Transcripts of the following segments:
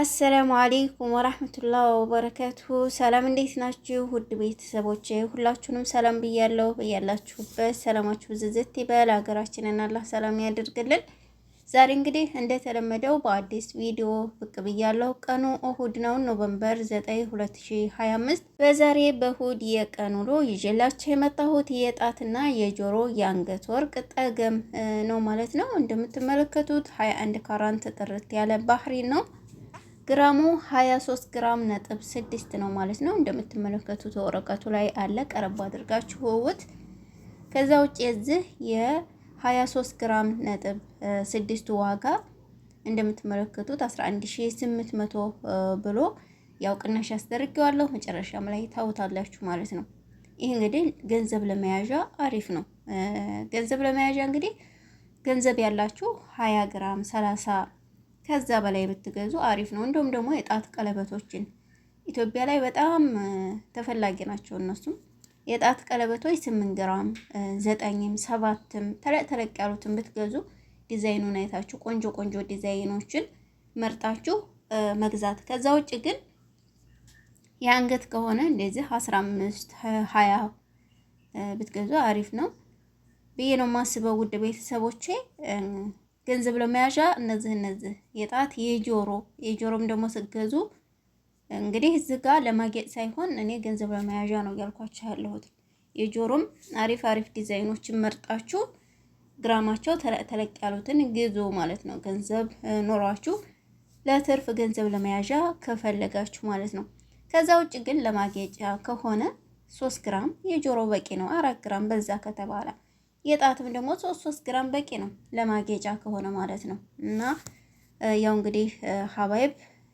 አሰላሙ አሌይኩም ወራህመቱላህ ወበረከቱ። ሰላም እንዴት ናችሁ? ውድ ቤተሰቦች ሁላችሁንም ሰላም ብያለሁ። ብያላችሁበት ሰላማችሁ ብዝዝት ይበል። ሀገራችንን አላህ ሰላም ያደርግልን። ዛሬ እንግዲህ እንደተለመደው በአዲስ ቪዲዮ ብቅ ብያለሁ። ቀኑ እሁድ ነው፣ ኖቨምበር 9 2025። በዛሬ በእሁድ የቀን ውሎ ይዤላችሁ የመጣሁት የጣትና የጆሮ የአንገት ወርቅ ጠገም ነው ማለት ነው። እንደምትመለከቱት 21 ካራንት ጥርት ያለ ባህሪ ነው ግራሙ 23 ግራም ነጥብ 6 ነው ማለት ነው። እንደምትመለከቱት ወረቀቱ ላይ አለ፣ ቀረብ አድርጋችሁ ውት። ከዛ ውጭ የዚህ የ23 ግራም ነጥብ 6 ዋጋ እንደምትመለከቱት 11800 ብሎ ያው ቅናሽ ያስደርገዋለሁ። መጨረሻም ላይ ታውታላችሁ ማለት ነው። ይህ እንግዲህ ገንዘብ ለመያዣ አሪፍ ነው። ገንዘብ ለመያዣ እንግዲህ ገንዘብ ያላችሁ 20 ግራም 30 ከዛ በላይ ብትገዙ አሪፍ ነው። እንደውም ደግሞ የጣት ቀለበቶችን ኢትዮጵያ ላይ በጣም ተፈላጊ ናቸው እነሱም የጣት ቀለበቶች ስምንት ግራም ዘጠኝም ሰባትም ተለቅ ተለቅ ያሉትን ብትገዙ ዲዛይኑን አይታችሁ ቆንጆ ቆንጆ ዲዛይኖችን መርጣችሁ መግዛት። ከዛ ውጭ ግን የአንገት ከሆነ እንደዚህ አስራ አምስት ሀያ ብትገዙ አሪፍ ነው ብዬ ነው የማስበው ውድ ቤተሰቦቼ። ገንዘብ ለመያዣ እነዚህ እነዚህ የጣት የጆሮ የጆሮም ደግሞ ስገዙ እንግዲህ እዚህ ጋር ለማጌጥ ሳይሆን እኔ ገንዘብ ለመያዣ ነው ያልኳችሁ ያለሁት። የጆሮም አሪፍ አሪፍ ዲዛይኖችን መርጣችሁ ግራማቸው ተለቅ ያሉትን ግዙ ማለት ነው። ገንዘብ ኖሯችሁ ለትርፍ ገንዘብ ለመያዣ ከፈለጋችሁ ማለት ነው። ከዛ ውጭ ግን ለማጌጫ ከሆነ ሶስት ግራም የጆሮ በቂ ነው። አራት ግራም በዛ ከተባለ የጣትም ደግሞ ሶስት ሶስት ግራም በቂ ነው ለማጌጫ ከሆነ ማለት ነው። እና ያው እንግዲህ ሀባይብ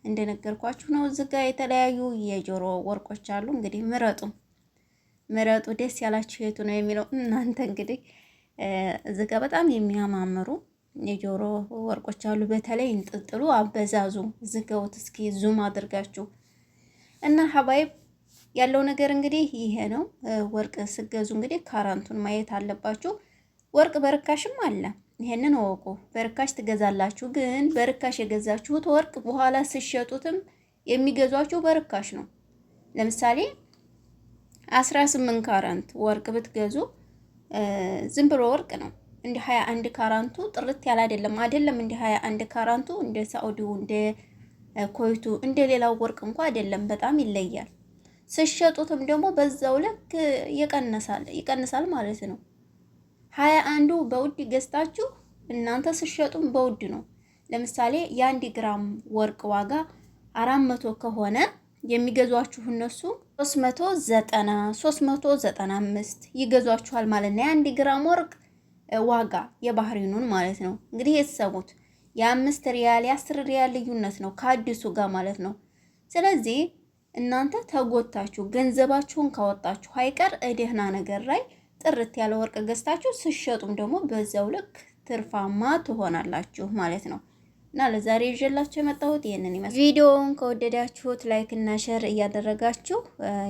እንደነገርኳችሁ ነው። እዚህ ጋር የተለያዩ የጆሮ ወርቆች አሉ። እንግዲህ ምረጡ ምረጡ፣ ደስ ያላችሁ የቱ ነው የሚለው እናንተ እንግዲህ እዚህ ጋር በጣም የሚያማምሩ የጆሮ ወርቆች አሉ። በተለይ እንጥጥሉ አበዛዙ ዝገውት እስኪ ዙም አድርጋችሁ እና ሀባይብ ያለው ነገር እንግዲህ ይሄ ነው። ወርቅ ስገዙ እንግዲህ ካራንቱን ማየት አለባችሁ። ወርቅ በርካሽም አለ፣ ይሄንን እወቁ። በርካሽ ትገዛላችሁ፣ ግን በርካሽ የገዛችሁት ወርቅ በኋላ ስሸጡትም የሚገዟችሁ በርካሽ ነው። ለምሳሌ 18 ካራንት ወርቅ ብትገዙ ዝም ብሎ ወርቅ ነው። እንደ 21 ካራንቱ ጥርት ያለ አይደለም። አይደለም እንደ 21 ካራንቱ እንደ ሳውዲው እንደ ኮይቱ እንደ ሌላው ወርቅ እንኳ አይደለም፣ በጣም ይለያል። ስሸጡትም ደግሞ በዛው ልክ ይቀንሳል ይቀንሳል ማለት ነው። ሀያ አንዱ በውድ ገዝታችሁ እናንተ ስሸጡም በውድ ነው። ለምሳሌ የአንድ ግራም ወርቅ ዋጋ አራት መቶ ከሆነ የሚገዟችሁ እነሱ 390 395 ይገዟችኋል ማለት ነው። የአንድ ግራም ወርቅ ዋጋ የባህሪኑን ማለት ነው። እንግዲህ የተሰሙት የአምስት ሪያል የአስር ሪያል ልዩነት ነው ከአዲሱ ጋር ማለት ነው። ስለዚህ እናንተ ተጎታችሁ ገንዘባችሁን ካወጣችሁ አይቀር እደህና ነገር ላይ ጥርት ያለ ወርቅ ገዝታችሁ ስሸጡም ደግሞ በዛው ልክ ትርፋማ ትሆናላችሁ ማለት ነው። እና ለዛሬ ይዤላችሁ የመጣሁት ይህንን ይመስል። ቪዲዮውን ከወደዳችሁት ላይክ እና ሼር እያደረጋችሁ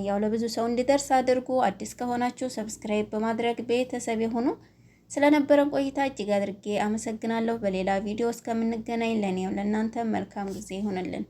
ያው ለብዙ ሰው እንዲደርስ አድርጉ። አዲስ ከሆናችሁ ሰብስክራይብ በማድረግ ቤተሰብ የሆኑ ስለነበረን ቆይታ እጅግ አድርጌ አመሰግናለሁ። በሌላ ቪዲዮ እስከምንገናኝ ለእኔም ለእናንተ መልካም ጊዜ ይሁንልን።